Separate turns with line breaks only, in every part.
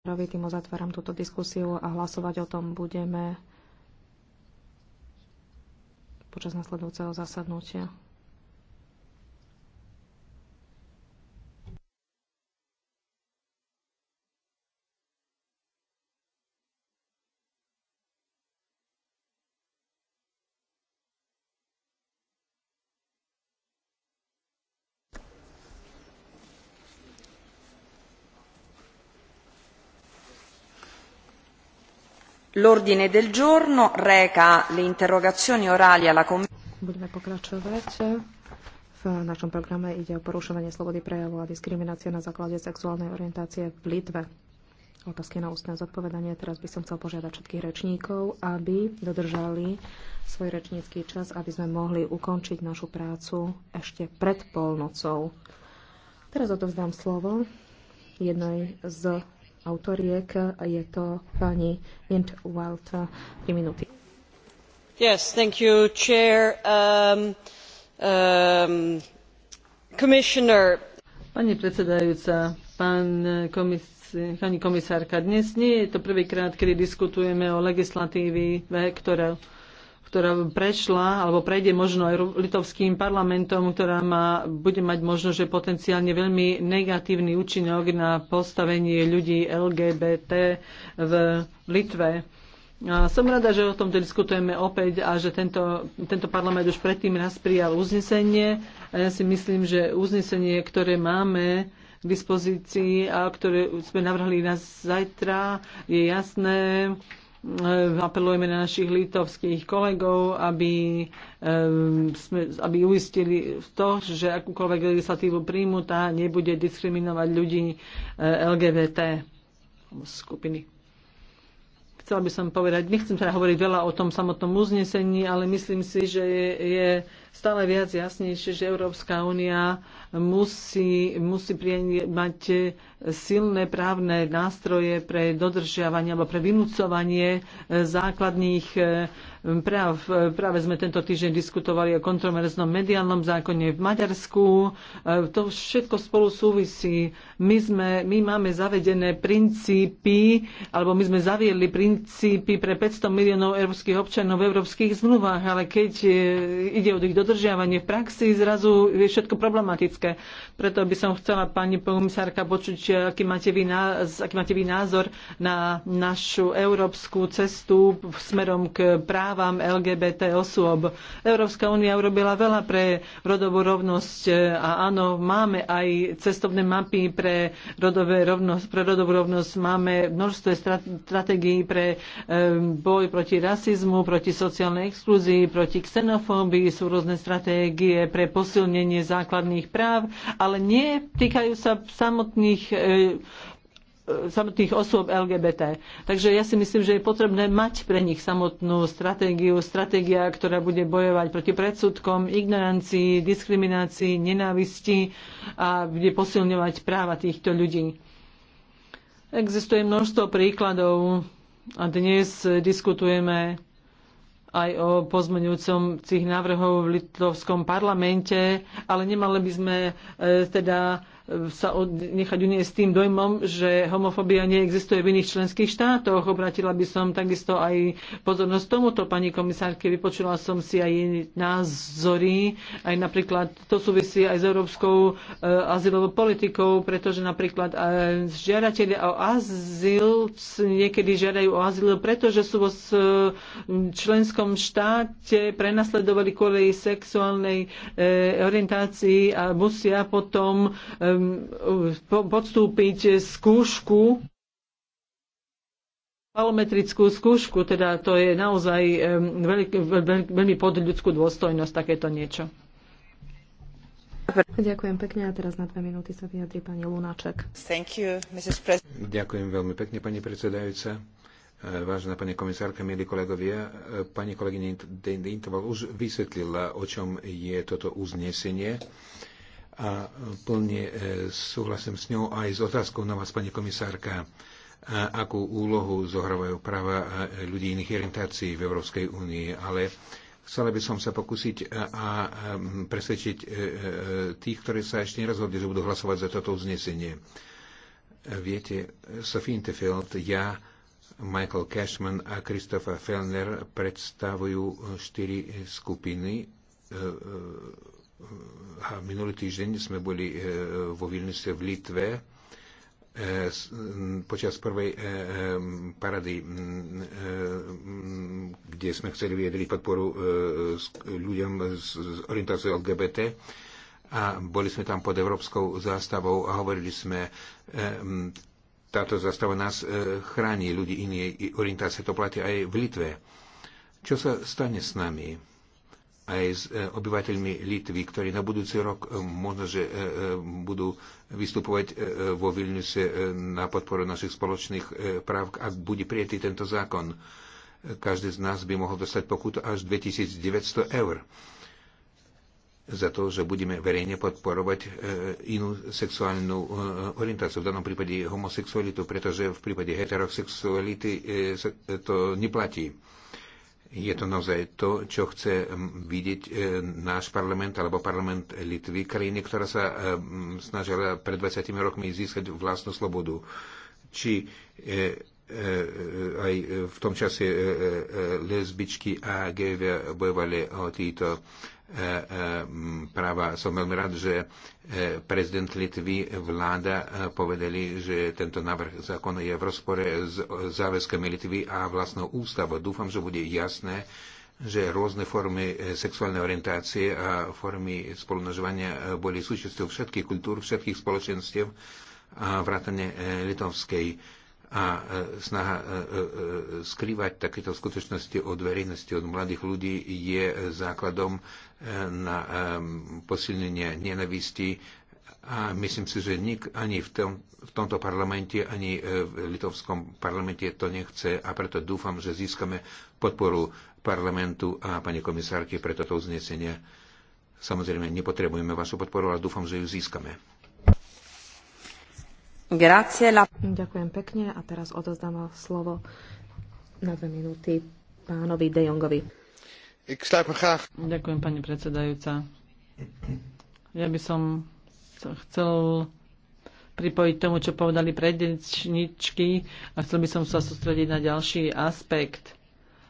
Rovi, tým uzatváram túto diskusiu a hlasovať o tom budeme počas nasledujúceho zasadnutia.
L'ordine del giorno reca le interrogazioni orali alla
Budeme pokračovať. V našom programe ide o porušovanie slobody prejavu a diskriminácie na základe sexuálnej orientácie v Litve. Otázky na ústne zodpovedanie. Teraz by som chcel požiadať všetkých rečníkov, aby dodržali svoj rečnícky čas, aby sme mohli ukončiť našu prácu ešte pred polnocou. Teraz odovzdám slovo jednej z autoriek. Je to pani Jent Walt, 3 minúty.
Yes, thank you, chair. Um, um, commissioner. Pani predsedajúca, pán komis- pani komisárka, dnes nie je to prvýkrát, kedy diskutujeme o legislatíve, ktorá ktorá prešla alebo prejde možno aj litovským parlamentom, ktorá má, bude mať možno, že potenciálne veľmi negatívny účinok na postavenie ľudí LGBT v Litve. A som rada, že o tom diskutujeme opäť a že tento, tento parlament už predtým raz prijal uznesenie. A ja si myslím, že uznesenie, ktoré máme k dispozícii a ktoré sme navrhli na zajtra, je jasné Eh, apelujeme na našich litovských kolegov, aby, eh, sme, aby uistili to, že akúkoľvek legislatívu príjmu, tá nebude diskriminovať ľudí eh, LGBT skupiny. Chcela by som povedať, nechcem teda hovoriť veľa o tom samotnom uznesení, ale myslím si, že je, je stále viac jasnejšie, že Európska únia musí, musí mať silné právne nástroje pre dodržiavanie alebo pre vynúcovanie základných práv. Práve sme tento týždeň diskutovali o kontroverznom mediálnom zákone v Maďarsku. E, to všetko spolu súvisí. My, sme, my máme zavedené princípy, alebo my sme zaviedli princípy pre 500 miliónov európskych občanov v európskych zmluvách, ale keď e, ide o ich dodržiavanie v praxi, zrazu je všetko problematické. Preto by som chcela pani komisárka počuť, aký máte vy, aký máte vy názor na našu európsku cestu smerom k práci právam LGBT osôb. Európska únia urobila veľa pre rodovú rovnosť e, a áno, máme aj cestovné mapy pre, rodové rovnosť, pre rodovú rovnosť, máme množstvo stratégií pre e, boj proti rasizmu, proti sociálnej exklúzii, proti xenofóbii, sú rôzne stratégie pre posilnenie základných práv, ale nie týkajú sa samotných e, samotných osôb LGBT. Takže ja si myslím, že je potrebné mať pre nich samotnú stratégiu, stratégia, ktorá bude bojovať proti predsudkom, ignorancii, diskriminácii, nenávisti a bude posilňovať práva týchto ľudí. Existuje množstvo príkladov a dnes diskutujeme aj o pozmeňujúcich návrhov v litovskom parlamente, ale nemali by sme e, teda sa od, nechať uniesť tým dojmom, že homofobia neexistuje v iných členských štátoch. Obratila by som takisto aj pozornosť tomuto pani komisárke. Vypočula som si aj jej názory, aj napríklad to súvisí aj s európskou e, azylovou politikou, pretože napríklad e, žiadatelia o azyl niekedy žiadajú o azyl, pretože sú vo s, e, členskom štáte prenasledovali kvôli sexuálnej e, orientácii a musia potom e, Um, podstúpiť skúšku Palometrickú skúšku, teda to je naozaj veľk, um, veľk, veľmi pod ľudskú dôstojnosť takéto niečo. Ďakujem
pekne a teraz na dve minúty sa vyjadri pani Lunaček. Thank
you,
Mrs. Ďakujem veľmi pekne, pani predsedajúca. E, vážená pani komisárka, milí kolegovia, e, pani kolegyňa Dintoval už vysvetlila, o čom je toto uznesenie. Uh, a plne e, súhlasím s ňou aj s otázkou na vás, pani komisárka, akú úlohu zohrávajú práva e, ľudí iných orientácií v Európskej únii, ale chcela by som sa pokúsiť a presvedčiť e, tých, ktorí sa ešte nerozhodli, že budú hlasovať za toto uznesenie. Viete, Sophie Intefeld, ja, Michael Cashman a Christopher Fellner predstavujú štyri skupiny a minulý týždeň sme boli e, vo Vilniuse v Litve e, počas prvej e, parady, kde sme chceli vyjadriť podporu ľuďom z orientáciou LGBT a boli sme tam pod európskou zástavou a hovorili sme, táto zastava nás chráni ľudí inej orientácie, to platí aj v Litve. Čo sa stane s nami? aj s e, obyvateľmi Litvy, ktorí na budúci rok e, možno, že e, budú vystupovať vo Vilniuse na podporu našich spoločných práv, ak bude prijatý tento zákon. Každý z nás by mohol dostať pokutu až 2900 eur za to, že budeme verejne podporovať inú sexuálnu orientáciu, v danom prípade homosexualitu, pretože v prípade heterosexuality to neplatí. Je to naozaj to, čo chce vidieť e, náš parlament alebo parlament Litvy, krajiny, ktorá sa e, snažila pred 20 rokmi získať vlastnú slobodu. Či e, aj v tom čase lesbičky a gejovia bojovali o týto E, e, práva. Som veľmi rád, že e, prezident Litvy, vláda povedali, že tento návrh zákona je v rozpore s záväzkami Litvy a vlastnou ústavou. Dúfam, že bude jasné, že rôzne formy sexuálnej orientácie a formy spolunožovania boli súčasťou všetkých kultúr, všetkých spoločenstiev a vrátane litovskej a e, snaha e, e, skrývať takéto skutočnosti od verejnosti, od mladých ľudí je základom na posilnenie nenavisti a myslím si, že nik ani v, tom, v tomto parlamente, ani v litovskom parlamente to nechce a preto dúfam, že získame podporu parlamentu a pani komisárky pre toto uznesenie. Samozrejme, nepotrebujeme vašu podporu, ale dúfam, že ju získame.
Ďakujem pekne a teraz odozdám slovo na dve minúty pánovi De Jongovi.
Ďakujem, pani predsedajúca. Ja by som chcel pripojiť tomu, čo povedali predničky a chcel by som sa sústrediť na ďalší aspekt.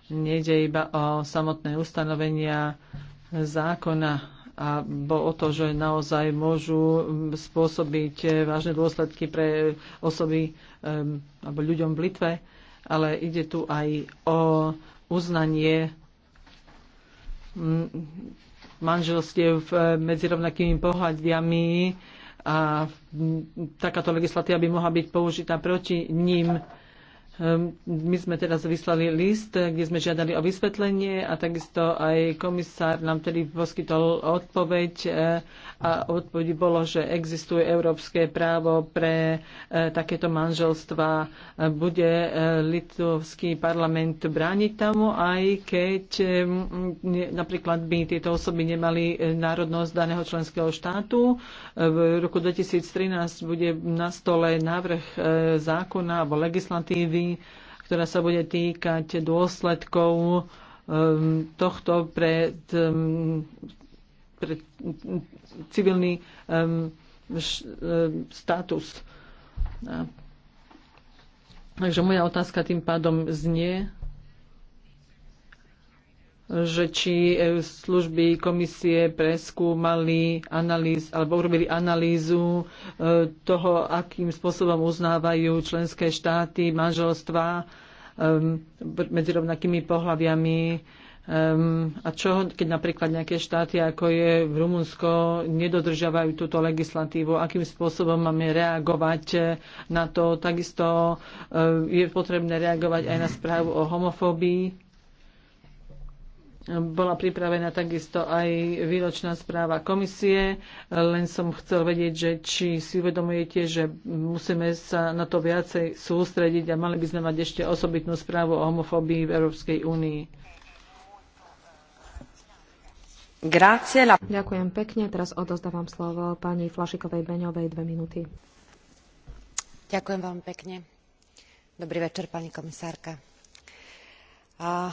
Nejde iba o samotné ustanovenia zákona, a o to, že naozaj môžu mm, spôsobiť e, vážne dôsledky pre e, osoby e, alebo ľuďom v Litve, ale ide tu aj o uznanie mm, manželstiev medzi rovnakými pohľadiami a mm, takáto legislatíva by mohla byť použitá proti ním Ehm, my sme teraz vyslali list, kde sme žiadali o vysvetlenie a takisto aj komisár nám tedy poskytol odpoveď e, a odpoveď bolo, že existuje európske právo pre e, takéto manželstva. E, bude litovský parlament brániť tomu, aj keď napríklad by tieto osoby nemali národnosť daného členského štátu. V roku 2013 bude na stole návrh zákona alebo legislatívy, ktorá sa bude týkať dôsledkov um, tohto pre, um, pre civilný um, status. Takže moja otázka tým pádom znie, že či e, služby komisie preskúmali analýz, alebo urobili analýzu e, toho, akým spôsobom uznávajú členské štáty manželstva medzi rovnakými pohľaviami. Um, a čo, keď napríklad nejaké štáty, ako je v Rumunsko, nedodržiavajú túto legislatívu, akým spôsobom máme reagovať e, na to. Takisto um, je potrebné reagovať aj na správu o homofóbii bola pripravená takisto aj výročná správa komisie. Len som chcel vedieť, že či si uvedomujete, že musíme sa na to viacej sústrediť a mali by sme mať ešte osobitnú správu o homofóbii v Európskej únii.
Ďakujem pekne. Teraz odozdávam slovo pani Flašikovej Beňovej dve minúty.
Ďakujem veľmi pekne. Dobrý večer, pani komisárka. A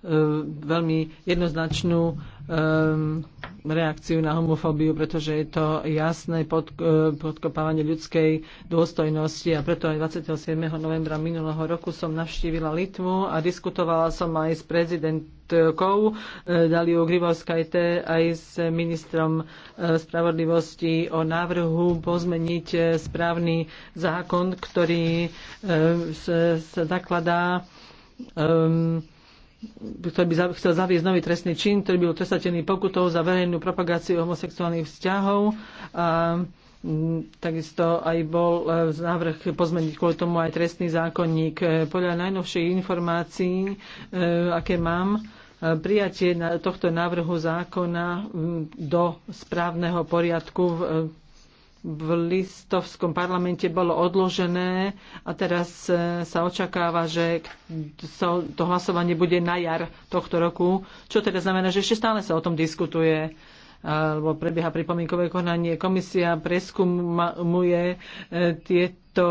E, veľmi jednoznačnú e, reakciu na homofóbiu, pretože je to jasné pod, e, podkopávanie ľudskej dôstojnosti a preto aj 27. novembra minulého roku som navštívila Litvu a diskutovala som aj s prezidentkou Daliou Grivovskajte aj s ministrom spravodlivosti o návrhu pozmeniť správny zákon, ktorý sa zakladá um, ktorý by chcel zaviesť nový trestný čin, ktorý by bol trestatený pokutou za verejnú propagáciu homosexuálnych vzťahov. A, Takisto aj bol e, návrh pozmeniť kvôli tomu aj trestný zákonník. E, podľa najnovších informácií, e, aké mám, prijatie tohto návrhu zákona do správneho poriadku v listovskom parlamente bolo odložené a teraz e, sa očakáva, že to hlasovanie bude na jar tohto roku, čo teda znamená, že ešte stále sa o tom diskutuje alebo e, prebieha pripomienkové konanie. Komisia preskúmuje e, tieto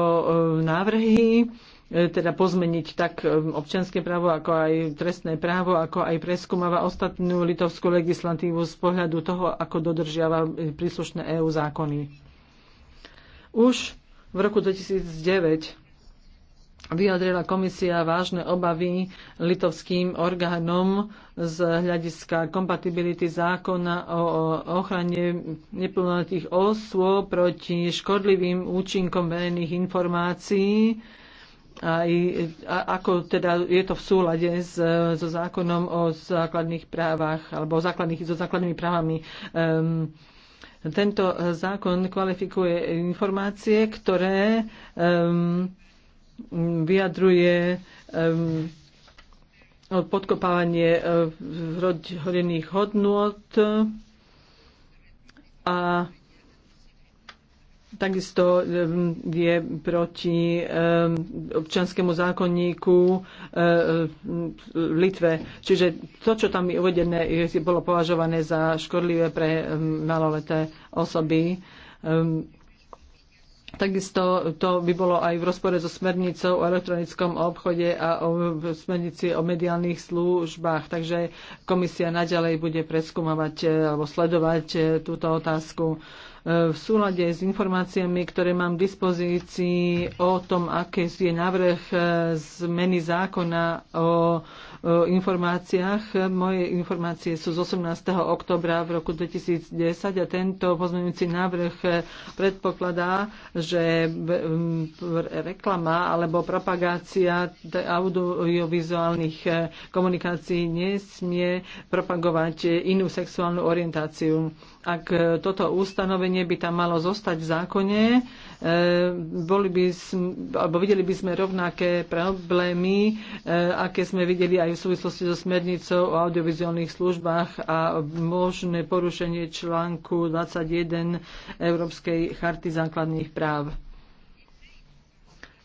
návrhy teda pozmeniť tak občianske právo, ako aj trestné právo, ako aj preskúmava ostatnú litovskú legislatívu z pohľadu toho, ako dodržiava príslušné EÚ zákony. Už v roku 2009 vyjadrila komisia vážne obavy litovským orgánom z hľadiska kompatibility zákona o ochrane neplnoletých osôb proti škodlivým účinkom verejných informácií a ako teda je to v súlade s, so zákonom o základných právach alebo o základných, so základnými právami um, tento zákon kvalifikuje informácie, ktoré um, vyjadruje um, podkopávanie rodinných hodnôt a Takisto je proti občanskému zákonníku v Litve. Čiže to, čo tam je uvedené, bolo považované za škodlivé pre maloleté osoby. Takisto to by bolo aj v rozpore so smernicou o elektronickom obchode a o smernici o mediálnych službách. Takže komisia naďalej bude preskúmavať alebo sledovať e, túto otázku. E, v súlade s informáciami, ktoré mám k dispozícii o tom, aké je návrh e, zmeny zákona o, o informáciách. Moje informácie sú z 18. oktobra v roku 2010 a tento pozmeňujúci návrh e, predpokladá, že reklama alebo propagácia audiovizuálnych komunikácií nesmie propagovať inú sexuálnu orientáciu ak e, toto ustanovenie by tam malo zostať v zákone, e, boli by, alebo videli by sme rovnaké problémy, e, aké sme videli aj v súvislosti so smernicou o audiovizuálnych službách a možné porušenie článku 21 Európskej charty základných práv.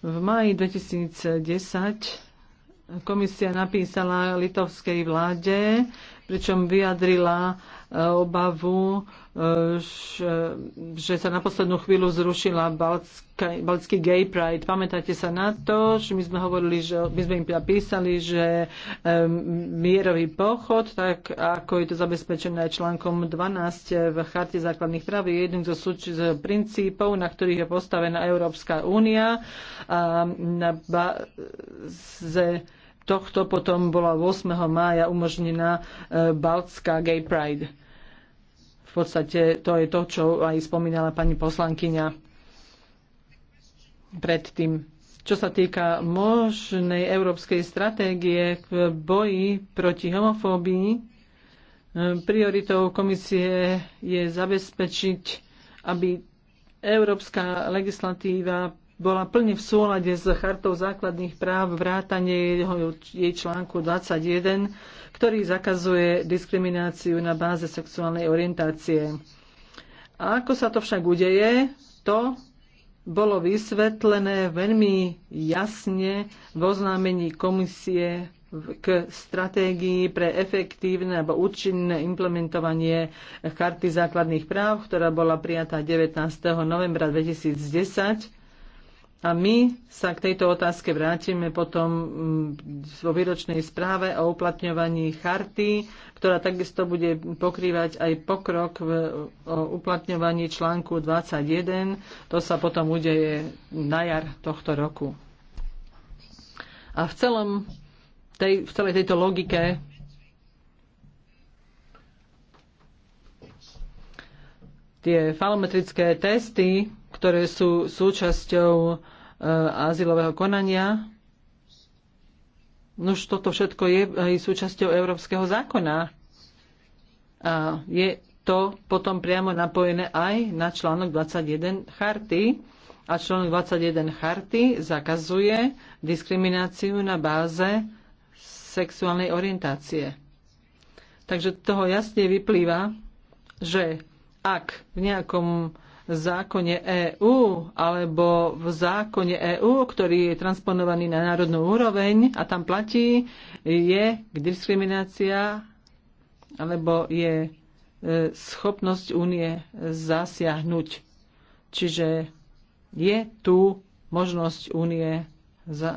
V maji 2010 komisia napísala litovskej vláde, pričom vyjadrila e, obavu, e, že sa na poslednú chvíľu zrušila Balcký Gay Pride. Pamätáte sa na to, že my sme hovorili, že my sme im teda písali, že e, mierový pochod, tak ako je to zabezpečené článkom 12 v Charte základných práv, je jedným zo, z princípov, na ktorých je postavená Európska únia. A na ba- ze- tohto potom bola 8. mája umožnená e, Baltská Gay Pride. V podstate to je to, čo aj spomínala pani poslankyňa predtým. Čo sa týka možnej európskej stratégie v boji proti homofóbii, e, prioritou komisie je zabezpečiť, aby európska legislatíva bola plne v súlade s chartou základných práv vrátane jej článku 21, ktorý zakazuje diskrimináciu na báze sexuálnej orientácie. A ako sa to však udeje, to bolo vysvetlené veľmi jasne v oznámení komisie k stratégii pre efektívne alebo účinné implementovanie Charty základných práv, ktorá bola prijatá 19. novembra 2010 a my sa k tejto otázke vrátime potom mm, vo výročnej správe o uplatňovaní charty, ktorá takisto bude pokrývať aj pokrok v, o uplatňovaní článku 21. To sa potom udeje na jar tohto roku. A v, celom tej, v celej tejto logike tie falometrické testy, ktoré sú súčasťou azylového konania. Nož toto všetko je aj súčasťou európskeho zákona. A je to potom priamo napojené aj na článok 21 charty. A článok 21 charty zakazuje diskrimináciu na báze sexuálnej orientácie. Takže toho jasne vyplýva, že ak v nejakom zákone EÚ alebo v zákone EÚ, ktorý je transponovaný na národnú úroveň a tam platí, je diskriminácia alebo je e, schopnosť únie zasiahnuť. Čiže je tu možnosť únie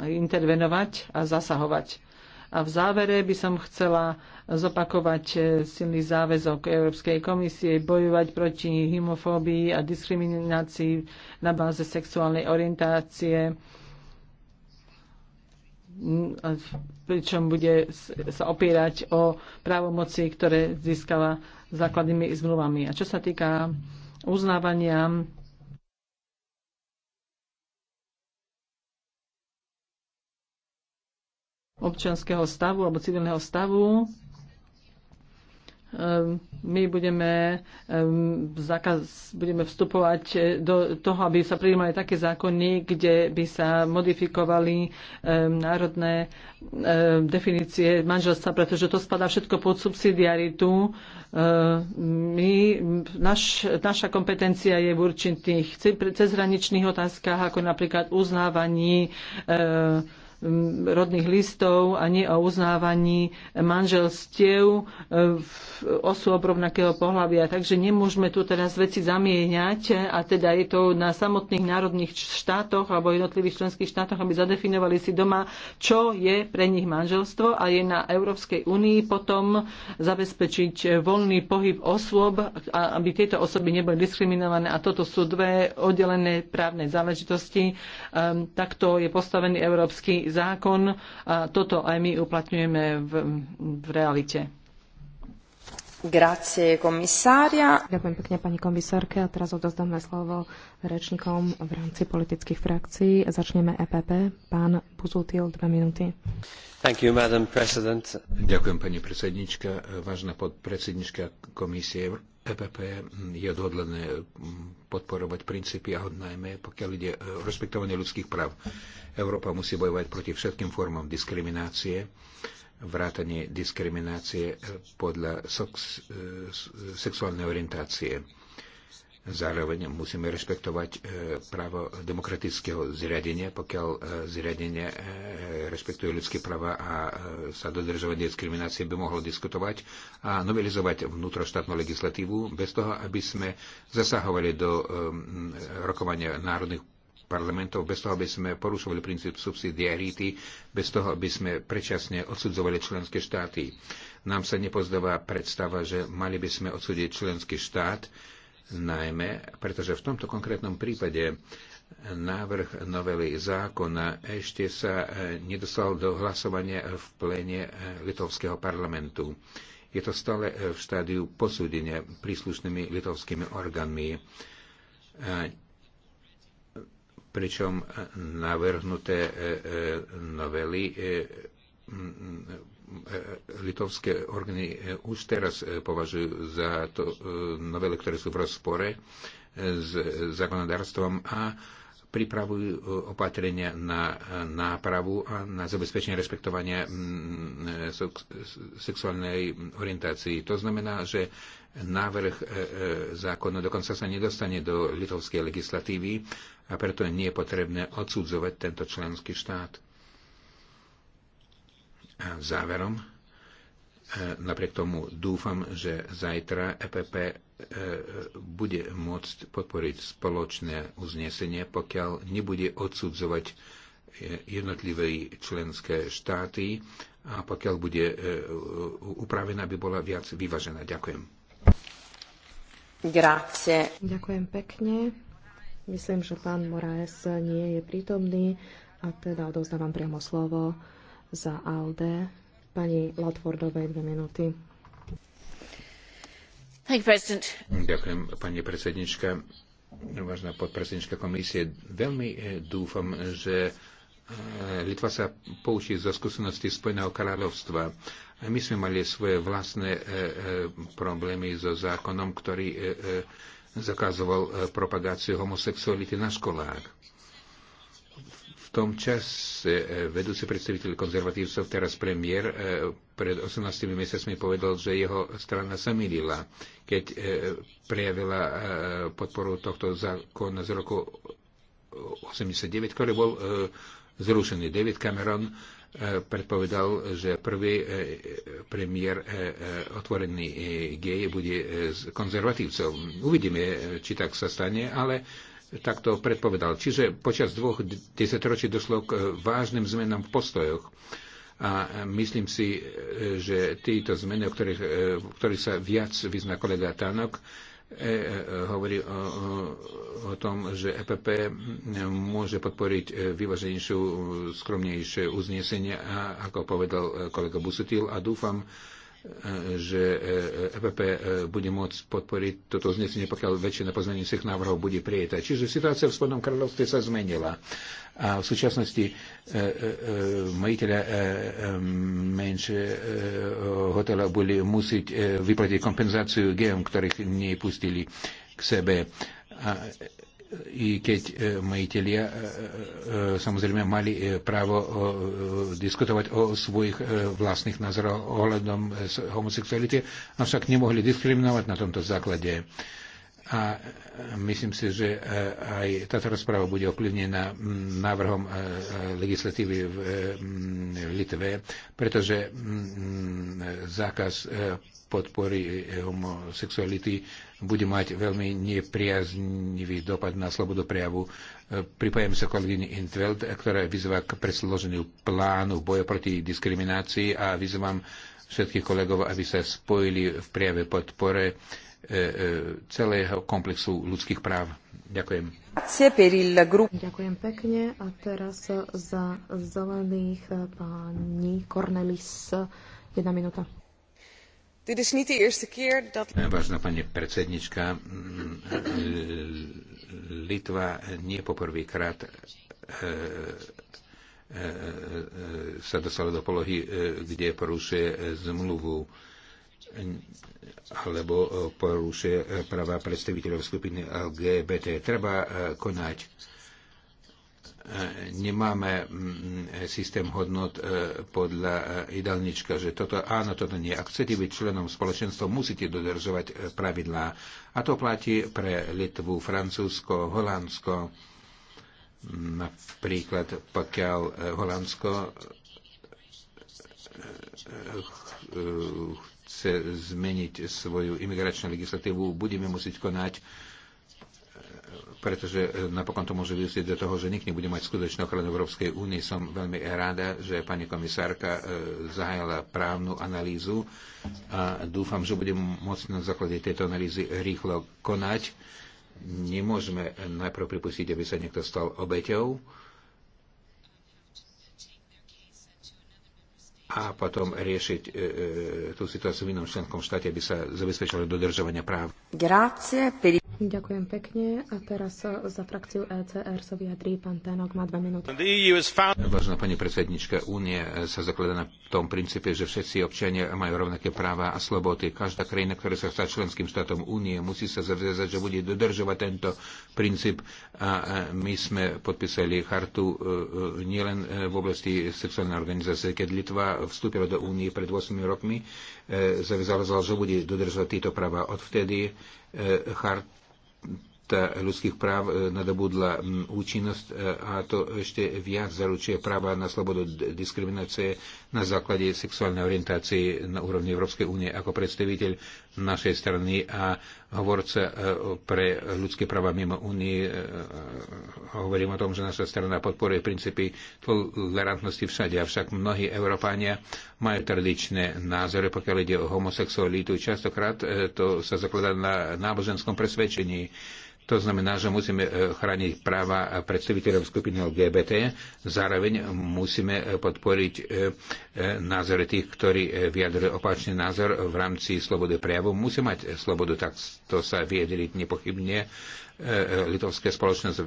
intervenovať a zasahovať. A v závere by som chcela zopakovať eh, silný záväzok Európskej komisie bojovať proti homofóbii a diskriminácii na báze sexuálnej orientácie mm, pričom bude sa opierať o právomoci, ktoré získala základnými zmluvami. A čo sa týka uznávania občianského stavu alebo civilného stavu. Ehm, my budeme, ehm, zakaz, budeme vstupovať do toho, aby sa prijímali také zákony, kde by sa modifikovali ehm, národné definície manželstva, pretože to spadá všetko pod subsidiaritu. My, naš, naša kompetencia je v určitých cezhraničných otázkach, ako napríklad uznávaní Mm, rodných listov a nie o uznávaní manželstiev eh, osôb rovnakého pohľavia. Takže nemôžeme tu teraz veci zamieňať a teda je to na samotných národných štátoch alebo jednotlivých členských štátoch, aby zadefinovali si doma, čo je pre nich manželstvo a je na Európskej únii potom zabezpečiť voľný pohyb osôb, aby tieto osoby neboli diskriminované a toto sú dve oddelené právne záležitosti. Ehm, takto je postavený európsky zákon a toto aj my uplatňujeme v, v realite.
Grazie, komisária. Ďakujem pekne pani komisárke a teraz odozdáme slovo rečníkom v rámci politických frakcií. Začneme EPP. Pán Buzutil, dve minúty.
You, Ďakujem pani predsednička, vážna podpredsednička komisie EPP je odhodlené podporovať princípy a najmä pokiaľ ide e, o respektovanie ľudských práv. Európa musí bojovať proti všetkým formám diskriminácie vrátanie diskriminácie podľa eh, sexuálnej orientácie. Zároveň musíme rešpektovať eh, právo demokratického zriadenia, pokiaľ eh, zriadenie rešpektuje ľudské práva a sa dodržovanie diskriminácie by mohlo diskutovať a novelizovať vnútroštátnu legislatívu bez toho, aby sme zasahovali do rokovania národných parlamentov, bez toho, aby sme porušovali princíp subsidiarity, bez toho, aby sme predčasne odsudzovali členské štáty. Nám sa nepozdáva predstava, že mali by sme odsúdiť členský štát, najmä, pretože v tomto konkrétnom prípade návrh novely zákona ešte sa e, nedostal do hlasovania v plene e, litovského parlamentu. Je to stále e, v štádiu posúdenia príslušnými litovskými orgánmi pričom e, navrhnuté e, e, novely litovské orgány už teraz považujú za to novely, ktoré sú v rozpore s zákonodárstvom a pripravujú opatrenia na nápravu a na zabezpečenie respektovania sexuálnej orientácii. To znamená, že návrh e, e, zákona dokonca sa nedostane do litovskej legislatívy a preto nie je potrebné odsudzovať tento členský štát. A záverom, e, napriek tomu dúfam, že zajtra EPP bude môcť podporiť spoločné uznesenie, pokiaľ nebude odsudzovať jednotlivé členské štáty a pokiaľ bude upravená, by bola viac vyvažená. Ďakujem.
Grazie. Ďakujem pekne. Myslím, že pán Moraes nie je prítomný a teda odovzdávam priamo slovo za ALD pani Latfordovej dve minúty.
You,
Ďakujem, pani predsednička. Vážna podpredsednička komisie, veľmi e, dúfam, že e, Litva sa poučí zo skúsenosti Spojeného kráľovstva my sme mali svoje vlastné e, e, problémy so zákonom, ktorý e, zakazoval propagáciu homosexuality na školách. V tom čase vedúci predstaviteľ konzervatívcov, teraz premiér, pred 18 mesiacmi povedal, že jeho strana sa milila, keď prejavila podporu tohto zákona z roku 89, ktorý bol zrušený. David Cameron predpovedal, že prvý e, e, premiér e, otvorený gej bude s konzervatívcov. Uvidíme, či tak sa stane, ale tak to predpovedal. Čiže počas dvoch desaťročí došlo k vážnym zmenám v postojoch. A myslím si, že tieto zmeny, o ktorých, o ktorých sa viac vyzná kolega Tánok, E, e hovorí o, o tom, že EPP môže podporiť e, vyvaženejšiu, skromnejšie uznesenie, ako povedal e, kolega Busutil a dúfam, že EPP eh, e eh, bude môcť podporiť toto znesenie, pokiaľ väčšina svojich návrhov bude prijatá. Čiže situácia v Spodnom kráľovstve sa zmenila. A v súčasnosti eh, majiteľa menšie hotela boli musieť vyplatiť kompenzáciu GM, ktorých nepustili k sebe. A, e, i keď e, majiteľia e, e, samozrejme mali právo diskutovať o svojich vlastných názoroch ohľadom homosexuality, avšak nemohli diskriminovať na tomto základe. A myslím si, že aj táto rozpráva bude ovplyvnená návrhom legislatívy v Litve, pretože zákaz podpory homosexuality bude mať veľmi nepriaznivý dopad na slobodu prejavu. E, Pripájam sa kolegyni Intveld, ktorá vyzva k presloženiu plánu boja proti diskriminácii a vyzvam všetkých kolegov, aby sa spojili v prejave podpore e, e, celého komplexu ľudských práv. Ďakujem.
Ďakujem pekne a teraz za zelených pani Cornelis. Jedna minúta.
Dit is niet de eerste keer dat... Eh,
Vážna pani predsednička, mm, eh, Litva nie poprvýkrát eh, sa dostala do polohy, kde porušuje zmluvu alebo porušuje práva predstaviteľov skupiny LGBT. Treba konať nemáme mm, mm, systém hodnot e, podľa ideálnička, e, že toto áno, toto nie. Ak chcete byť členom spoločenstva, musíte dodržovať e, pravidlá. A to platí pre Litvu, Francúzsko, Holandsko. Napríklad, pokiaľ Holandsko chce zmeniť svoju imigračnú legislatívu, budeme musieť konať pretože e, napokon to môže vyústiť do toho, že nikto nebude mať skutočnú ochranu Európskej únie. Som veľmi rada, že pani komisárka e, zahájala právnu analýzu a dúfam, že budem môcť na základe tejto analýzy rýchlo konať. Nemôžeme najprv pripustiť, aby sa niekto stal obeťou a potom riešiť e, e, tú situáciu v inom členskom štáte, aby sa zabezpečilo dodržovanie práv.
Grazie peri... Ďakujem pekne. A teraz e, za frakciu ECR sa vyjadrí pán Tenok, má dva minúty.
E Vážená pani predsednička, Únie e, sa zakladá na tom princípe, že všetci občania majú rovnaké práva a slobody. Každá krajina, ktorá sa chce členským štátom Únie, musí sa zaviazať, že bude dodržovať tento princíp. A my sme podpísali chartu nielen v oblasti sexuálnej organizácie. Keď Litva vstúpila do Únie pred 8 rokmi, zaviazala, že bude dodržovať tieto práva. Odvtedy chartu tá ľudských práv e, nadobudla účinnosť e, a to ešte viac zaručuje práva na slobodu diskriminácie na základe sexuálnej orientácie na úrovni Európskej únie ako predstaviteľ našej strany a hovorca e, pre ľudské práva mimo únie. Hovorím o tom, že naša strana podporuje princípy tolerantnosti všade, avšak mnohí Európania majú tradičné názory, pokiaľ ide o homosexualitu. Častokrát to sa zakladá na náboženskom presvedčení to znamená, že musíme e, chrániť práva predstaviteľov skupiny LGBT, zároveň musíme e, podporiť e, názory tých, ktorí vyjadrujú opačný názor v rámci slobody prejavu. Musí mať slobodu, tak to sa vyjadriť nepochybne. Litovská spoločnosť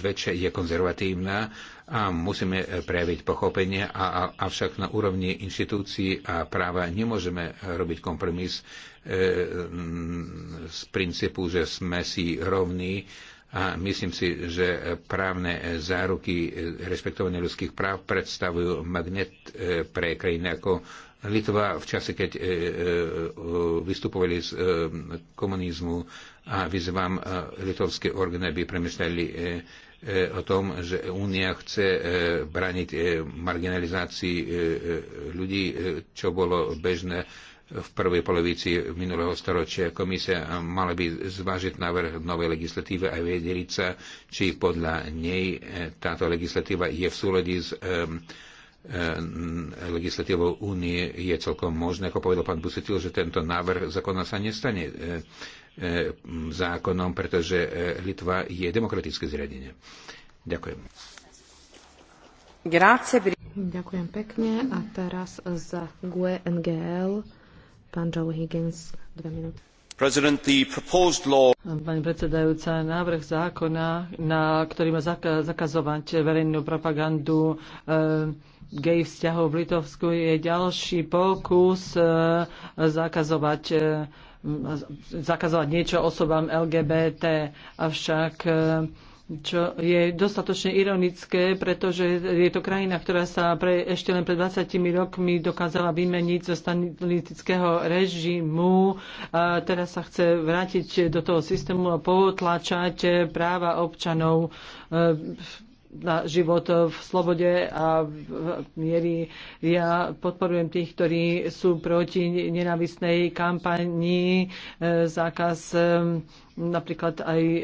zväčša je konzervatívna a musíme prejaviť pochopenie, a, avšak na úrovni inštitúcií a práva nemôžeme robiť kompromis E, z princípu, že sme si rovní a myslím si, že právne záruky e, rešpektovania ľudských práv predstavujú magnet e, pre krajiny ako Litva v čase, keď vystupovali z komunizmu a vyzvám litovské orgány, aby premysleli o tom, že Únia chce braniť marginalizácii ľudí, čo bolo bežné v prvej polovici minulého storočia. Komisia mala by zvážiť návrh novej legislatívy a vedieť sa, či podľa nej eh, táto legislatíva je v súlade s eh, eh, legislatívou únie je celkom možné, ako povedal pán Busetil, že tento návrh zákona sa nestane zákonom, pretože Litva je demokratické zriadenie. Ďakujem.
Ďakujem pekne a teraz za GUE NGL Pani
predsedajúca, návrh zákona, na ktorý má zakazovať verejnú propagandu eh, gay gej vzťahov v Litovsku je ďalší pokus eh, zakazovať eh, zakazovať niečo osobám LGBT, avšak čo je dostatočne ironické, pretože je to krajina, ktorá sa pre, ešte len pred 20 rokmi dokázala vymeniť zo stalinistického režimu. A teraz sa chce vrátiť do toho systému a potlačať práva občanov e, na život v slobode a v miery. Ja podporujem tých, ktorí sú proti nenávisnej kampanii, e, zákaz e, napríklad aj e,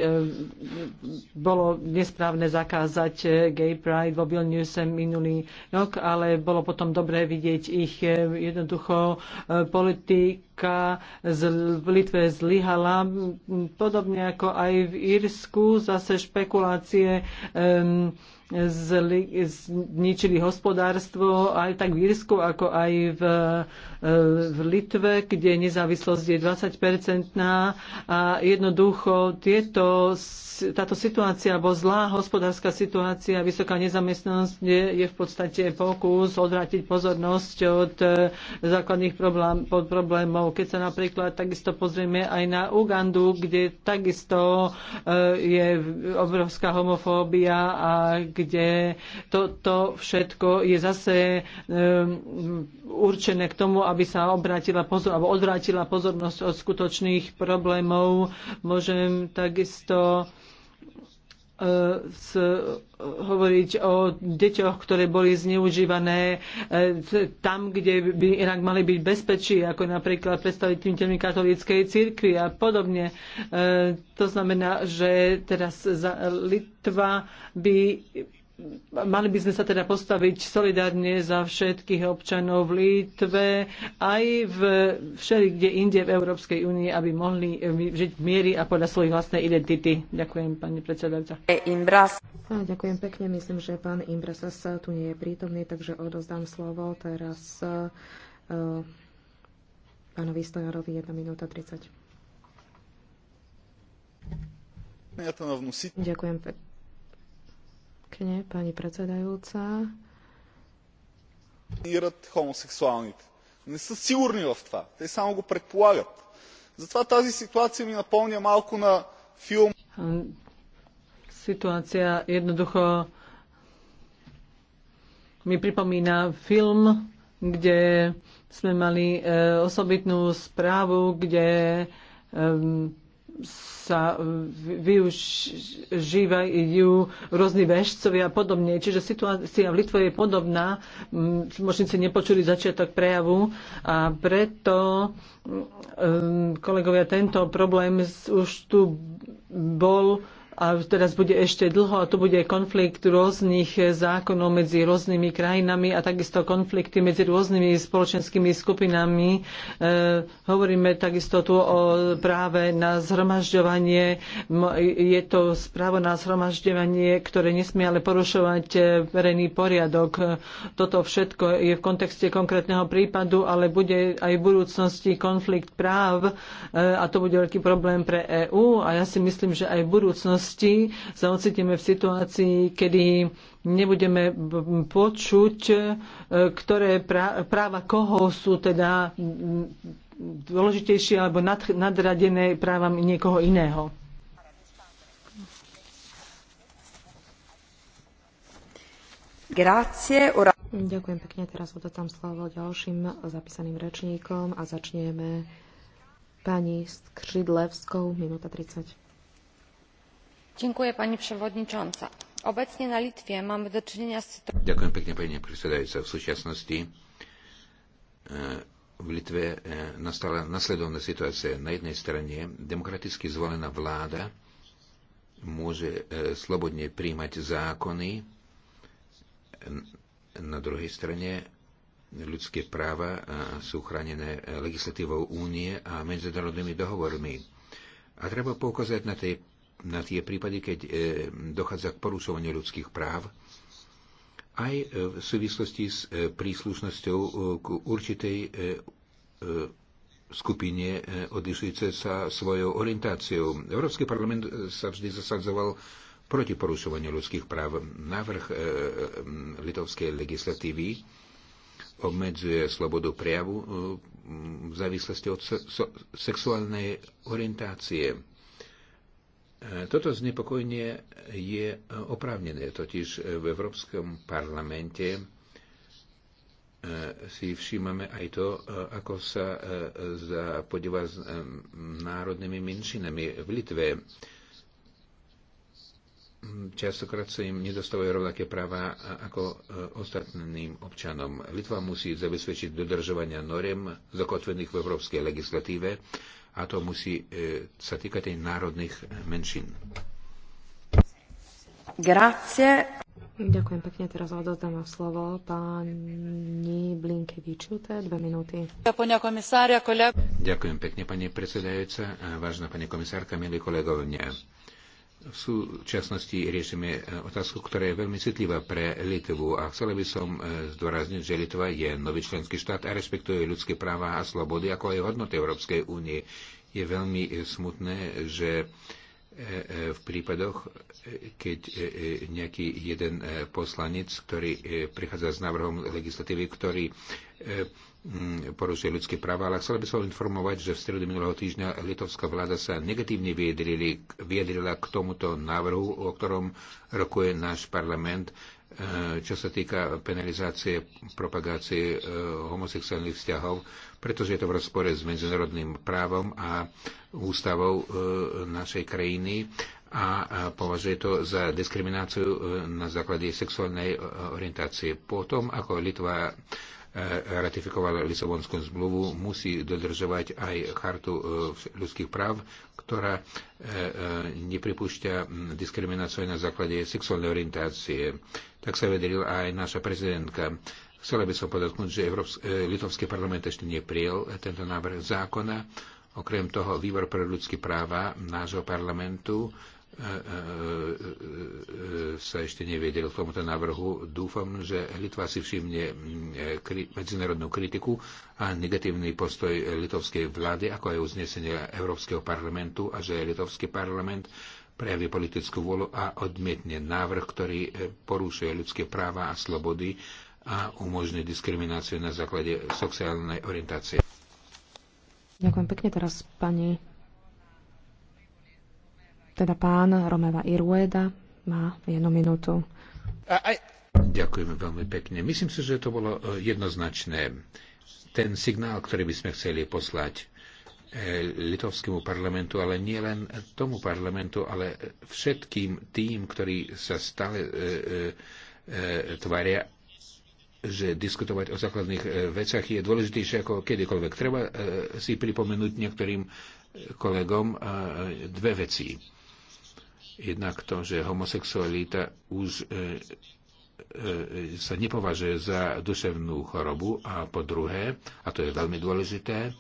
bolo nesprávne zakázať e, Gay Pride vo Vilniuse minulý rok, ale bolo potom dobré vidieť ich e, jednoducho politika z Litve zlyhala, podobne ako aj v Írsku zase špekulácie um, zničili hospodárstvo aj tak v Írsku, ako aj v, v Litve, kde nezávislosť je 20-percentná a jednoducho tieto, táto situácia alebo zlá hospodárska situácia, vysoká nezamestnanosť je, je v podstate pokus odvrátiť pozornosť od e, základných problém, pod problémov. Keď sa napríklad takisto pozrieme aj na Ugandu, kde takisto e, je obrovská homofóbia a kde kde toto všetko je zase um, určené k tomu, aby sa obrátila pozor, alebo odvrátila pozornosť od skutočných problémov. Môžem takisto E, s, e, hovoriť o deťoch, ktoré boli zneužívané e, tam, kde by inak mali byť bezpečí, ako napríklad predstaviteľmi katolíckej cirkvi a podobne. To znamená, že teraz za Litva by mali by sme sa teda postaviť solidárne za všetkých občanov v Litve, aj v všeli kde inde v Európskej únii, aby mohli žiť v miery a podľa svojej vlastnej identity. Ďakujem, pani predsedajúca. E,
ďakujem pekne. Myslím, že pán Imbras tu nie je prítomný, takže odozdám slovo teraz e, pánovi Stojarovi 1 minúta 30. Ďakujem pekne pekne, pani predsedajúca.
Homosexuálnych. Не са сигурни в това. Те само го предполагат. Затова тази ситуация ми напомня малко на филм.
Ситуация jednoducho mi pripomína film, kde sme mali e, osobitnú správu, kde sa e, využívajú rôzni väžcovi a podobne. Čiže situácia v Litve je podobná. Mm, možno si nepočuli začiatok prejavu a preto, mm, e, kolegovia, tento problém už tu bol a teraz bude ešte dlho a tu bude konflikt rôznych zákonov medzi rôznymi krajinami a takisto konflikty medzi rôznymi spoločenskými skupinami. E, hovoríme takisto tu o práve na zhromažďovanie. Je to právo na zhromažďovanie, ktoré nesmie ale porušovať e, verejný poriadok. Toto všetko je v kontexte konkrétneho prípadu, ale bude aj v budúcnosti konflikt práv e, a to bude veľký problém pre EÚ a ja si myslím, že aj v budúcnosti budúcnosti sa ocitneme v situácii, kedy nebudeme počuť, e, ktoré práva koho sú teda dôležitejšie alebo nadradené právam niekoho iného. Grazie. Ora... Ďakujem
pekne. Teraz odotám slovo ďalším zapísaným rečníkom a začneme pani Skřidlevskou, minúta 30
obecne na litve máme dočinenia s
Ďakujem súčasnosti e, v Litve e, nastala nasledovná situácia. Na jednej strane demokraticky zvolená vláda môže e, slobodne príjmať zákony, na druhej strane ľudské práva sú chránené legislatívou únie a medzinárodnými dohovormi. A treba poukázať na tie na tie prípady, keď e, dochádza k porušovaniu ľudských práv, aj e, v súvislosti s e, príslušnosťou k určitej skupine odlišujúce sa svojou orientáciou. Európsky parlament sa vždy zasadzoval proti porušovaniu ľudských práv. Návrh litovskej legislatívy obmedzuje slobodu prejavu v závislosti od sexuálnej orientácie. Toto znepokojenie je oprávnené, totiž v Európskom parlamente e, si všímame aj to, e, ako sa e, podíva s národnými menšinami v Litve. Častokrát sa im nedostávajú rovnaké práva ako ostatným občanom. Litva musí zabezpečiť dodržovania noriem, zakotvených v európskej legislatíve a to musí e, sa týkať aj národných e, menšín.
Grazie. Ďakujem pekne, teraz odozdám slovo pani Blinkevičute, dve minúty.
Ďakujem
pekne, pani predsedajúca, e, vážna pani komisárka, milí kolegovia. V súčasnosti riešime e, otázku, ktorá je veľmi citlivá pre Litvu a chcela by som e, zdôrazniť, že Litva je nový členský štát a respektuje ľudské práva a slobody, ako aj hodnoty Európskej únie. Je veľmi e, smutné, že v prípadoch, keď nejaký jeden poslanec, ktorý prichádza s návrhom legislatívy, ktorý Mm, porušuje ľudské práva, ale chcel by som informovať, že v stredu minulého týždňa litovská vláda sa negatívne vyjadrili, vyjadrila k tomuto návrhu, o ktorom rokuje náš parlament, e, čo sa týka penalizácie propagácie e, homosexuálnych vzťahov, pretože je to v rozpore s medzinárodným právom a ústavou e, našej krajiny a považuje to za diskrimináciu na základe sexuálnej orientácie. Potom, ako Litva E, ratifikovala Lisabonskú zmluvu, musí dodržovať aj chartu e, ľudských práv, ktorá e, nepripúšťa diskrimináciu na základe sexuálnej orientácie. Tak sa vedrila aj naša prezidentka. Chcela by som podotknúť, že Litovský parlament ešte neprijel tento návrh zákona. Okrem toho, Výbor pre ľudské práva nášho parlamentu E, e, e, sa ešte nevedel k tomuto návrhu. Dúfam, že Litva si všimne medzinárodnú kritiku a negatívny postoj litovskej vlády, ako aj uznesenie Európskeho parlamentu a že litovský parlament prejaví politickú vôľu a odmietne návrh, ktorý porušuje ľudské práva a slobody a umožní diskrimináciu na základe sociálnej orientácie.
Ďakujem pekne teraz pani teda pán Romeva Irueda má jednu minútu.
Ďakujeme veľmi pekne. Myslím si, že to bolo e, jednoznačné. Ten signál, ktorý by sme chceli poslať e, litovskému parlamentu, ale nie len tomu parlamentu, ale všetkým tým, ktorí sa stále e, e, e tvária, že diskutovať o základných veciach je dôležitejšie ako kedykoľvek. Treba si pripomenúť niektorým kolegom dve veci Jednak to, že homosexualita už e, e, e, sa nepovažuje za duševnú chorobu a po druhé, a to je veľmi dôležité,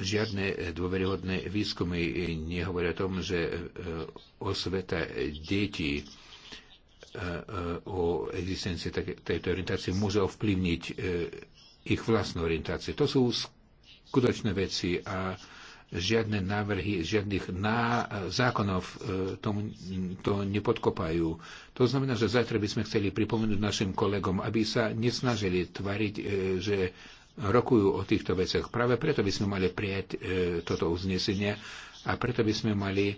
žiadne dôveryhodné výskumy nehovoria o tom, že e, osveta detí e, e, o existencii tejto orientácie môže ovplyvniť ich vlastnú orientáciu. To sú skutočné veci a žiadne návrhy, žiadnych ná, zákonov e, tomu, to nepodkopajú. To znamená, že zajtra by sme chceli pripomenúť našim kolegom, aby sa nesnažili tvariť, e, že rokujú o týchto veciach. Práve preto by sme mali prijať e, toto uznesenie a preto by sme mali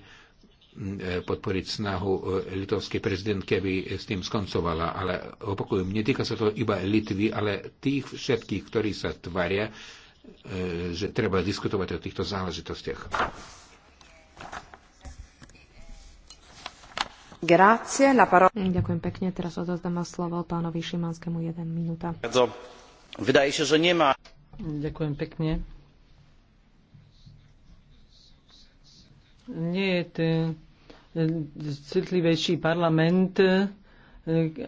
podporiť snahu litovskej prezidentky, aby s tým skoncovala. Ale opakujem, netýka sa to iba Litvy, ale tých všetkých, ktorí sa tvaria, E, že treba diskutovať o týchto záležitostiach.
Grazie, la parola. Ďakujem pekne, teraz odozdám slovo pánovi Šimanskému
1 minúta. Vydaje sa, že nemá. Ďakujem pekne. Nie je to citlivejší parlament,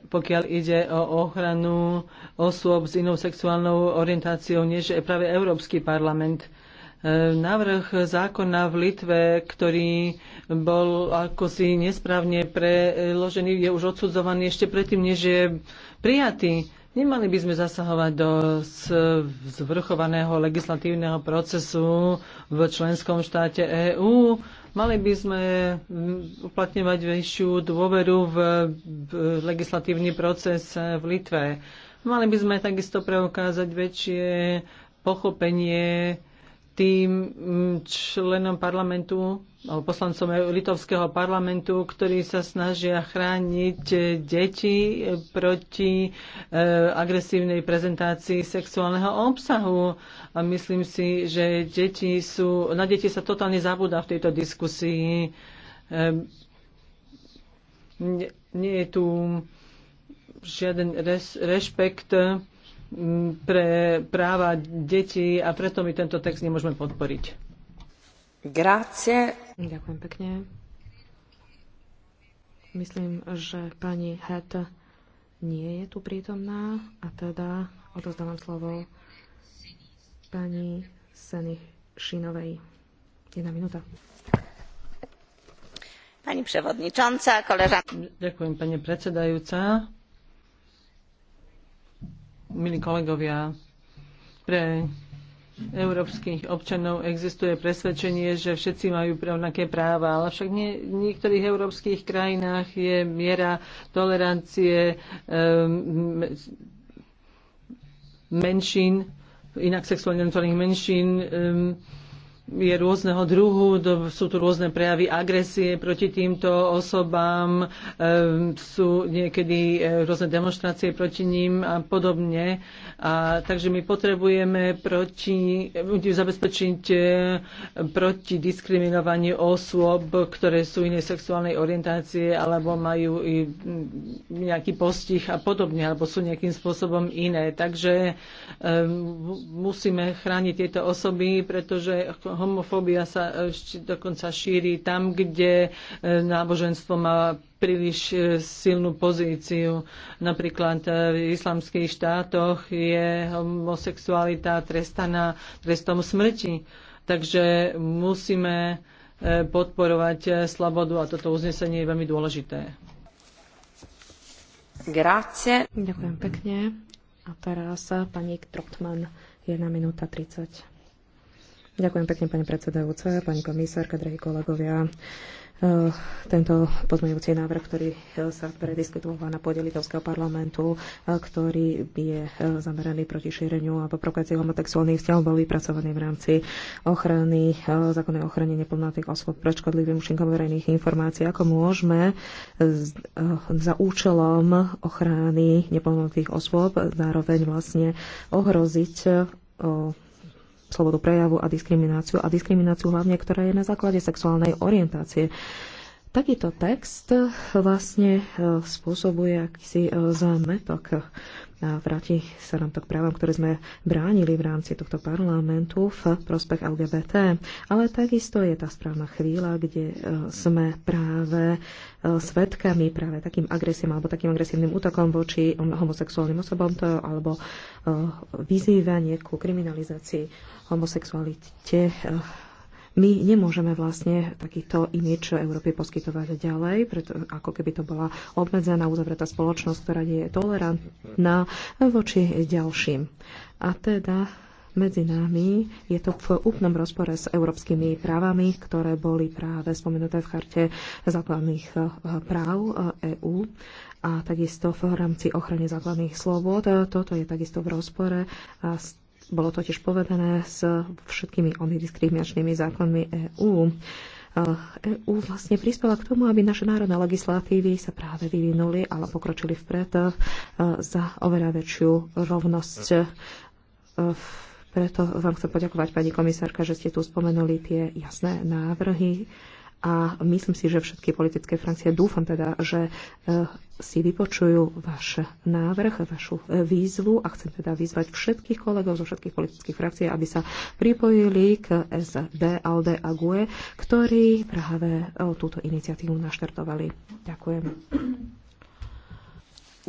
pokiaľ ide o ochranu osôb s inou sexuálnou orientáciou, než práve Európsky parlament e, návrh zákona v Litve, ktorý bol ako si nesprávne preložený, je už odsudzovaný ešte predtým, než je prijatý. Nemali by sme zasahovať do zvrchovaného legislatívneho procesu v členskom štáte EÚ, Mali by sme mm, uplatňovať väčšiu dôveru v, legislatívny proces eh, v Litve. Mali by sme takisto preukázať väčšie pochopenie tým mm, členom parlamentu alebo poslancom litovského parlamentu, ktorí sa snažia chrániť e, deti e, proti e, agresívnej prezentácii sexuálneho obsahu. A myslím si, že deti sú, na deti sa totálne zabúda v tejto diskusii. Ehm, nie, nie je tu žiaden res, rešpekt pre práva detí a preto my tento text nemôžeme podporiť. Grácie. Ďakujem pekne.
Myslím, že pani Het nie je tu prítomná a teda odozdávam slovo pani Seny Šinovej. Jedna minúta.
Pani przewodnicząca, koleżanki.
Ďakujem, pani predsedajúca milí kolegovia, pre európskych občanov existuje presvedčenie, že všetci majú rovnaké práva, ale však nie, v niektorých európskych krajinách je miera tolerancie um, menšín, inak sexuálne menšín um, je rôzneho druhu, sú tu rôzne prejavy agresie proti týmto osobám, e, sú niekedy e, rôzne demonstrácie proti ním a podobne. A, takže my potrebujeme proti, zabezpečiť e, proti diskriminovaniu osôb, ktoré sú inej sexuálnej orientácie alebo majú i nejaký postih a podobne, alebo sú nejakým spôsobom iné. Takže musíme chrániť tieto osoby, pretože homofóbia sa dokonca šíri tam, kde e, náboženstvo má príliš e, silnú pozíciu. Napríklad e, v islamských štátoch je homosexualita trestaná trestom smrti. Takže musíme podporovať slobodu a toto uznesenie je veľmi dôležité. Grazie. Ďakujem pekne.
A teraz pani Trotman, 1 minúta 30. Ďakujem pekne, pani predsedajúca, pani komisárka, drahí kolegovia. E, tento pozmeňujúci návrh, ktorý e, sa prediskutoval na pôde Litovského parlamentu, e, ktorý je zameraný proti šíreniu a propagácii homosexuálnych vzťahov, bol vypracovaný v rámci ochrany, zákonnej ochrany neplnatých osôb pred škodlivým účinkom verejných informácií. Ako môžeme za účelom ochrany neplnatých osôb zároveň vlastne ohroziť slobodu prejavu a diskrimináciu a diskrimináciu hlavne, ktorá je na základe sexuálnej orientácie. Takýto text vlastne e, spôsobuje akýsi e, zmetok vráti sa nám to k právam, ktoré sme bránili v rámci tohto parlamentu v prospech LGBT. Ale takisto je tá správna chvíľa, kde e, sme práve e, svetkami práve takým agresívnym alebo takým agresívnym útokom voči homosexuálnym osobom to, alebo e, vyzývanie ku kriminalizácii homosexualite my nemôžeme vlastne takýto imič Európy poskytovať ďalej, preto, ako keby to bola obmedzená, uzavretá spoločnosť, ktorá nie je tolerantná voči ďalším. A teda medzi nami. Je to v úplnom rozpore s európskymi právami, ktoré boli práve spomenuté v charte základných eh, práv EÚ eh, e a takisto v rámci ochrany základných slobod. Toto je takisto v rozpore eh, s bolo totiž povedané s všetkými onidiskriminačnými zákonmi EÚ. EÚ vlastne prispela k tomu, aby naše národné legislatívy sa práve vyvinuli, ale pokročili vpred e, za oveľa väčšiu rovnosť. E, preto vám chcem poďakovať, pani komisárka, že ste tu spomenuli tie jasné návrhy, a myslím si, že všetky politické Francie, dúfam teda, že e, si vypočujú váš návrh, vašu e, výzvu a chcem teda vyzvať všetkých kolegov zo všetkých politických frakcií, aby sa pripojili k SD, ALDE a GUE, ktorí práve e, túto iniciatívu naštartovali. Ďakujem.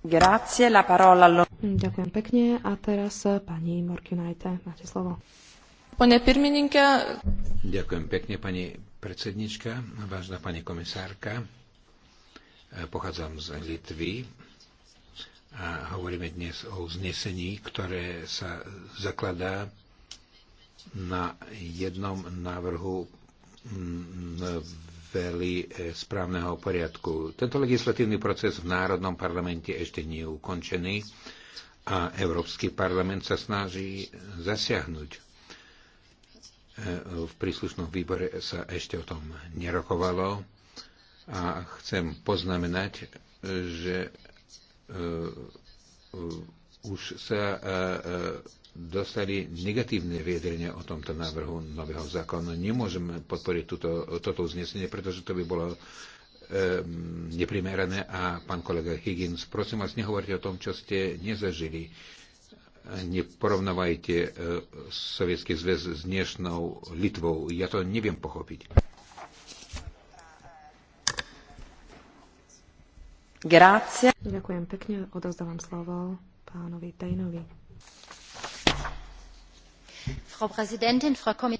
Ďakujem pekne a teraz eh, pani Morkinajte, máte slovo. Pane Pirmininke.
Ďakujem pekne, pani predsednička, vážna pani komisárka. Eh, pochádzam z Litvy a hovoríme dnes o uznesení, ktoré sa zakladá na jednom návrhu v novely e, správneho poriadku. Tento legislatívny proces v Národnom parlamente ešte nie je ukončený a Európsky parlament sa snaží zasiahnuť. E, v príslušnom výbore sa ešte o tom nerokovalo a chcem poznamenať, e, že už sa dostali negatívne vyjadrenie o tomto návrhu nového zákona. Nemôžeme podporiť túto, toto uznesenie, pretože to by bolo e, neprimerané. A pán kolega Higgins, prosím vás, nehovorte o tom, čo ste nezažili. Neporovnávajte e, Sovietský zväz s dnešnou Litvou. Ja to neviem pochopiť.
Grácia. Ďakujem pekne, odozdávam slovo pánovi Tejnovi.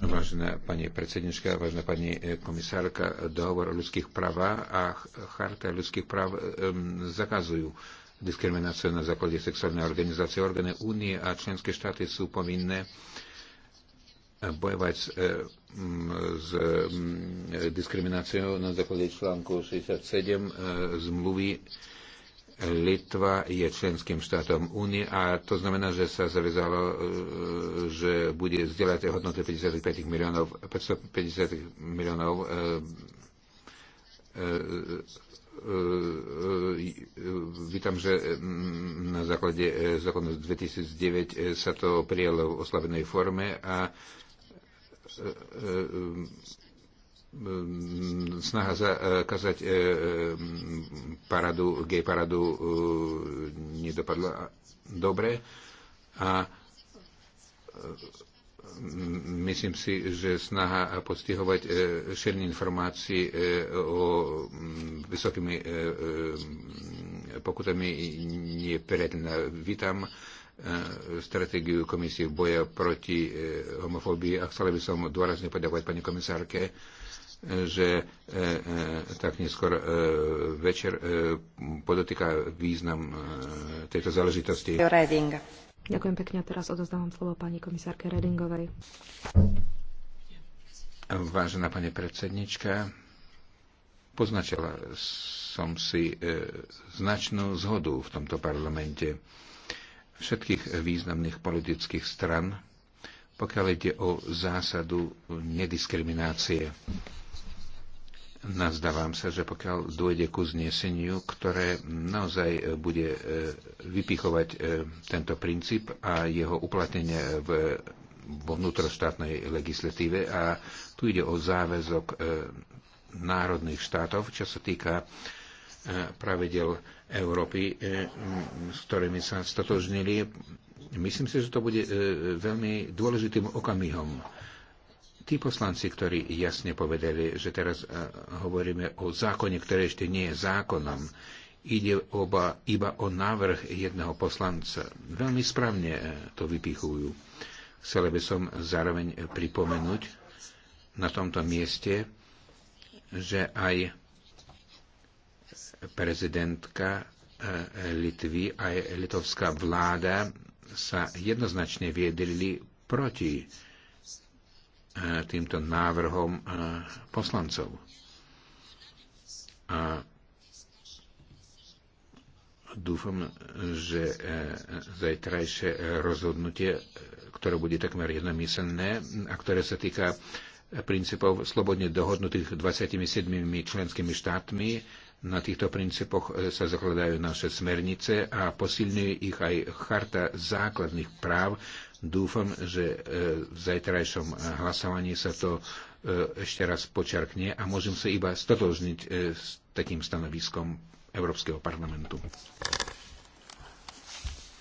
Vážená
pani predsedníčka, vážená pani e, komisárka, dohovor o ľudských právach a charta ľudských práv zakazujú diskrimináciu na základe sexuálnej organizácie. Orgány únie a členské štáty sú povinné bojovať s, e, s diskrimináciou na základe článku 67 e, zmluvy Litva je členským štátom únie a to znamená, že sa zavezalo, e, že bude zdieľať hodnotu 55 miliónov, 550 miliónov e, e, vítam, že mm, na základe zákonu 2009 sa to prijalo v oslavenej forme a Ehm, snaha zakázať e, e, e, paradu, gay paradu nedopadla dobre a myslím si, že snaha postihovať šerné informácie o vysokými pokutami nie je Vítam stratégiu komisie boja proti homofóbii a chcela by som dôrazne poďakovať pani komisárke že e, e, tak neskôr e, večer podotýka význam tejto záležitosti. Reding.
Ďakujem pekne a teraz odozdávam slovo pani komisárke Redingovej.
Vážená pani predsednička, poznačila som si značnú zhodu v tomto parlamente všetkých významných politických stran, pokiaľ ide o zásadu nediskriminácie. Nazdávam sa, že pokiaľ dôjde ku zneseniu, ktoré naozaj e, bude e, vypichovať e, tento princíp a jeho uplatnenie v, vo vnútroštátnej legislatíve a tu ide o záväzok národných štátov, čo sa týka pravidel Európy, s ktorými sa stotožnili. Myslím si, že to bude veľmi dôležitým okamihom Tí poslanci, ktorí jasne povedali, že teraz e, hovoríme o zákone, ktorý ešte nie je zákonom, ide oba, iba o návrh jedného poslanca. Veľmi správne e, to vypichujú. Chcel by som zároveň pripomenúť na tomto mieste, že aj prezidentka e, Litvy, aj litovská vláda sa jednoznačne viedrili proti E, týmto návrhom e, poslancov. A dúfam, že e, zajtrajšie rozhodnutie, ktoré bude takmer jednomyselné a ktoré sa týka princípov slobodne dohodnutých 27 členskými štátmi, na týchto princípoch sa zakladajú naše smernice a posilňuje ich aj Charta základných práv, Dúfam, že e, v zajtrajšom e, hlasovaní sa to e, ešte raz počarkne a môžem sa iba stotožniť s takým stanoviskom Európskeho parlamentu.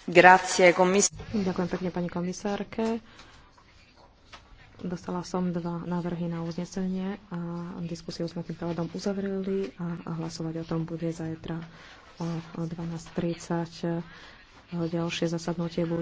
Grazie, Ďakujem
pekne pani komisárke. Dostala som dva návrhy na uznesenie a diskusiu sme tým pádom uzavreli a hlasovať o tom bude zajtra o 12.30. Ďalšie zasadnutie bude